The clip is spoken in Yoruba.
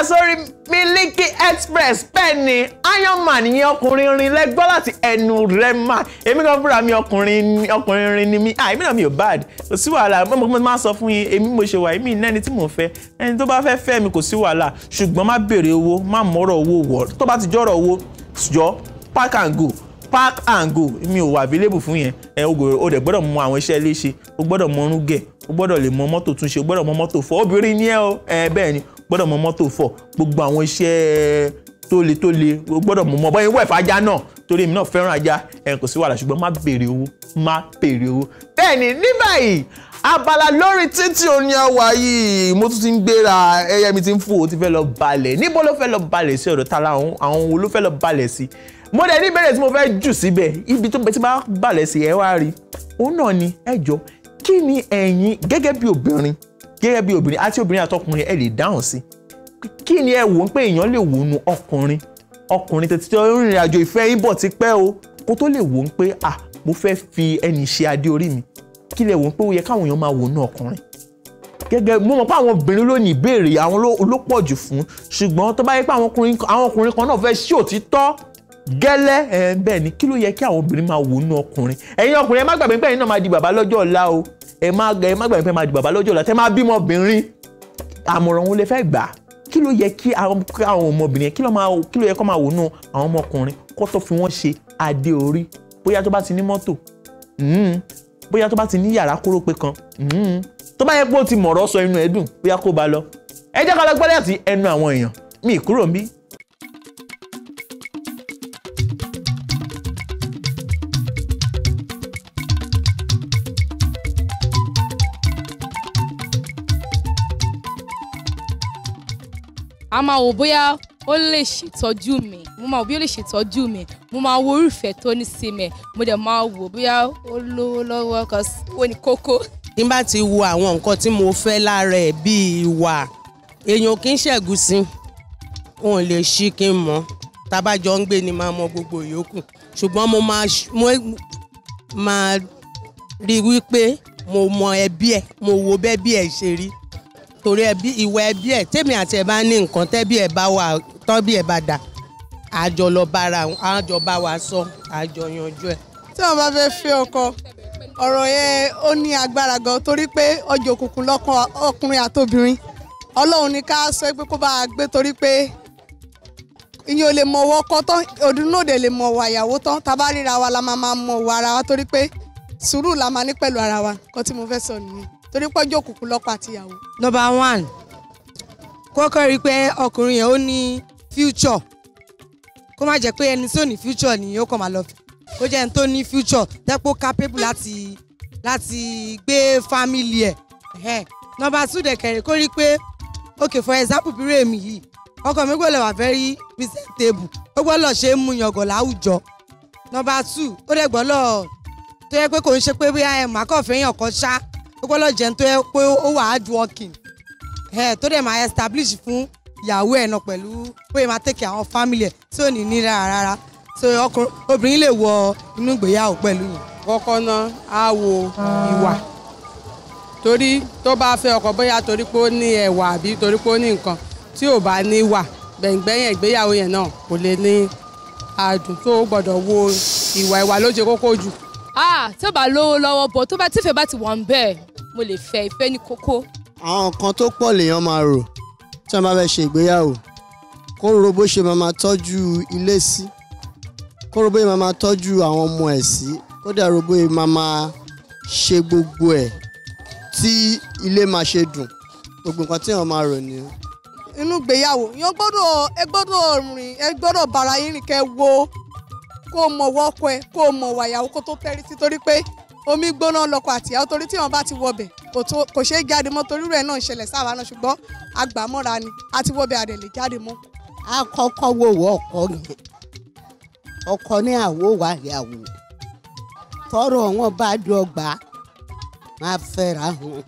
padà sórí Miliki Express bẹ́ẹ̀ ni Ironman ìyẹn ọkùnrin rin lẹ́gbọ́ láti ẹnu rẹ̀ mà èmi kan fúnra mi ọkùnrin ọkùnrin rin ni mi ah èmi náà mi ò bad kò sí wàhálà mo máa sọ fún yín èmi mo ṣe wà èmi nẹ́ni tí mò ń fẹ́ ẹni tó bá fẹ́ fẹ́ mi kò sí wàhálà ṣùgbọ́n má béèrè owó má mọ́rọ̀ owó wọ̀ tó bá ti jọ́rọ̀ owó jọ park and go park and go mi ò wà available fún yẹn ẹ o dẹ̀ gbọ́dọ̀ mọ àwọn iṣẹ́ léṣe o gbọ́dọ̀ mọ orún gẹ̀ o gbọ́dọ̀ lè mọ mọ́tò túnṣe o gbọ́dọ̀ mọ mọ́tò fọ obìnrin ni ẹ o ẹ bẹ́ẹ̀ ni o gbọ́dọ̀ mọ mọ́tò fọ gbogbo àwọn iṣẹ́ tó le tó le o gbọ́dọ̀ mọ bọ́ ìwẹ̀ fàájà náà torí èmi náà fẹ́ràn ajá ẹ̀ kò sí wàhálà ṣùgbọ́n má béèrè owó má béèrè owó bẹ́ẹ̀ ni ní báyìí abala lórí títí òní àwa yìí mo tún ti ń gbéra ẹyẹ mi ti ń fò ó ti fẹ́ lọ balẹ̀ níbo ló fẹ́ lọ balẹ̀ sí ọ̀dọ̀ ta àwọn wo ló fẹ́ lọ balẹ̀ sí mo dẹ̀ ní ìbéèrè tí mo fẹ́ jù síbẹ̀ ibi tó bá balẹ̀ sí ẹ wá rí òun náà ni ẹjọ́ kí ni ẹ̀yin gẹ́gẹ́ bí obìnrin gẹ́gẹ́ bí obìnrin àti obìnrin àtọkùnrin ẹ lè dáhùn sí kí ni ẹ wò ó pé èèyàn lè wò ó nu ọkùnrin ọkùnrin tètè tó rìnrìn àjò ìfẹ́ yín bọ̀ ti pẹ́ o kó tó lè wò ó pé à mo fẹ́ fi ẹni ṣe adé orí mi kí lè wò ó pé ó yẹ káwọn èèyàn máa wò ó nu ọkùnrin gẹ́gẹ́ mo mọ̀ pé àwọn obìnrin ló ìbéèrè àwọn ló pọ̀ jù fún ṣùgbọ́n tó bá yẹ pé àwọn ọkùnrin kan náà fẹ́ sí òtítọ́ gẹ́lẹ́ ẹ̀ bẹ́ẹ̀ ni kí ló yẹ kí àwọn obìnrin máa wò nínú ọkùnrin ẹ̀yin ọkùnrin ẹ má gbàgbé pé ẹ̀yin náà máa di bàbá lọ́jọ́ ọ̀la o ẹ má gbàgbé pé máa di bàbá lọ́jọ́ ọ̀la tẹ́ máa bímọ obìnrin àmọ̀ràn òun lè fẹ́ gbà kí ló yẹ kí àwọn ọmọbìnrin yẹn kí ló yẹ kó máa wò nínú àwọn ọmọkùnrin kó tó fi wọ́n ṣe adé orí bóyá tó bá ti ní mọ́tò hmm, bóyá tó bá ti ní yàrá kórópè kan hmm, tó bá yẹ pé ó ti mọ̀rọ̀ sọ inú ẹ̀ bóyá kó ba lọ ẹ jẹ́ ká lọ gbọ́dọ̀ àti ẹnu àwọn èèyàn mi kúrò ń a máa wò bóyá ó lè ṣètọ́jú mi mo máa wò bóyá ó lè ṣètọ́jú mi mo máa wo orúfẹ́ tó ní sí mi mo dẹ̀ máa wò bóyá ó lówó lọ́wọ́ kan ó ní kókó. tí wo àwọn nǹkan tí mo fẹ́ lára ẹ̀ bíi ìwà èèyàn kì í ṣẹ̀gùn sí i òun lè ṣí kí n mọ̀ tábàjọ ń gbé ni máa mọ gbogbo ìyókù ṣùgbọ́n mo máa rí wípé mo mọ ẹbí ẹ mo wo bẹ́bí ẹ ṣe rí torí ẹbí ìwà ẹbí ẹ tèmi àti ẹ bá ní nǹkan tẹbí ẹ bá wà tọbí ẹ bá dà àjọ lọ bára àjọ bá wa sọ àjọ yanjú ẹ. tí wọn bá fẹ́ fẹ́ ọkọ ọ̀rọ̀ yẹn ó ní agbára gan torí pé ọjọ́ òkùnkùn lọ́kàn ọkùnrin àtobìnrin ọlọ́run ní ká sọ pé kó bá a gbé torí pé ìyẹn ò lè mọ ọwọ́ kọ́ tán òdùnnú lè mọ ọwọ́ àyàwó tán tá ríra wa la máa máa mọ ọwọ́ ara wa torí pé sùúrù la máa ní pẹ̀lú ara wa nǹkan tí mo fẹ́ sọ nìyẹn torí pọ́jọ́ òkùnkùn lọ́pàá àtìyàwó. number one kọ́kọ́ rí i pé ọkùnrin yẹn ó ní future kó má jẹ́ pé ẹni tó ní future ni yóò kàn máa lọ kó jẹ́ ẹni tó ní future dẹ́pọ̀ capable láti láti gbé family ẹ̀ number two dẹ̀ kẹrin kó rí i pé okay for example bí rèmi yìí ọkọ mi gbọ́dọ̀ wà very presentable ó gbọ́dọ̀ ṣe é mú yangàn láwùjọ number two ó dẹ̀ gbọ́dọ̀ tó yẹ pé kò ń ṣe pé bí ẹ máa kàn fẹ́yàn kan ṣá ó gbọ́dọ̀ jẹ́ tó yẹ pé ó wà hard working ẹ tó dẹ̀ máa establish fún ìyàwó ẹ̀ náà pẹ̀lú pé máa take àwọn family ẹ̀ tí ò ní ní rárá rárá so obìnrin lè wọ inú ìgbéyàwó pẹ̀lú yìí. kọ́kọ́ náà á wo ìwà torí tó bá fẹ́ ọkọ bóyá torí pé ó ní ẹwà àbí torí pé ó ní nǹkan tí ò bá ní wà gbẹ̀ngbẹ̀yìn ìgbéyàwó yẹn náà kò lè ní adùn tó gbọ́dọ̀ wo ìwà ìwà ló jù ah tí ó bá lówó lọ́wọ́ bọ̀ tó bá tífẹ̀ bá ti wà ń bẹ́ẹ̀ mo lè fẹ́ ìfẹ́ ní kókó. àwọn nǹkan tó pọ̀ lèèyàn máa rò tí wọ́n bá fẹ́ ṣe ìgbéyàwó kó ro bó ṣe máa tọ́jú ilé sí kó ro bó ṣe máa tọ́jú àwọn ọmọ ẹ̀ sí kó dà ro bó ṣe máa ṣe gbogbo ẹ̀ tí ilé máa ṣe dùn gbogbo nǹkan tí wọ́n máa rò nìyẹn inú ìgbéyàwó yẹn gbọ́dọ̀ rìn ẹ gbọ́dọ̀ bára yín rìn kẹ́ wo kó o mọ̀ wọ ọkọ ẹ kó o wà ìyàwó kó tó tẹ́rí sí torí pé omi gbóná lọkọ àti ìyàwó torí tí wọn bá ti wọbẹ̀ kò ṣeé jáde mọ́ torí rẹ̀ náà ń ṣẹlẹ̀ sáwa náà ṣùgbọ́n agbàmọ́ra ni a ti wọbẹ̀ àdè lè jáde mọ́. a kọ́kọ́ wo wọ ọkọ yẹn ọkọ ní àwo wà ìyàwó tọrọ wọn bá dọgba máa fẹ́ra wọn.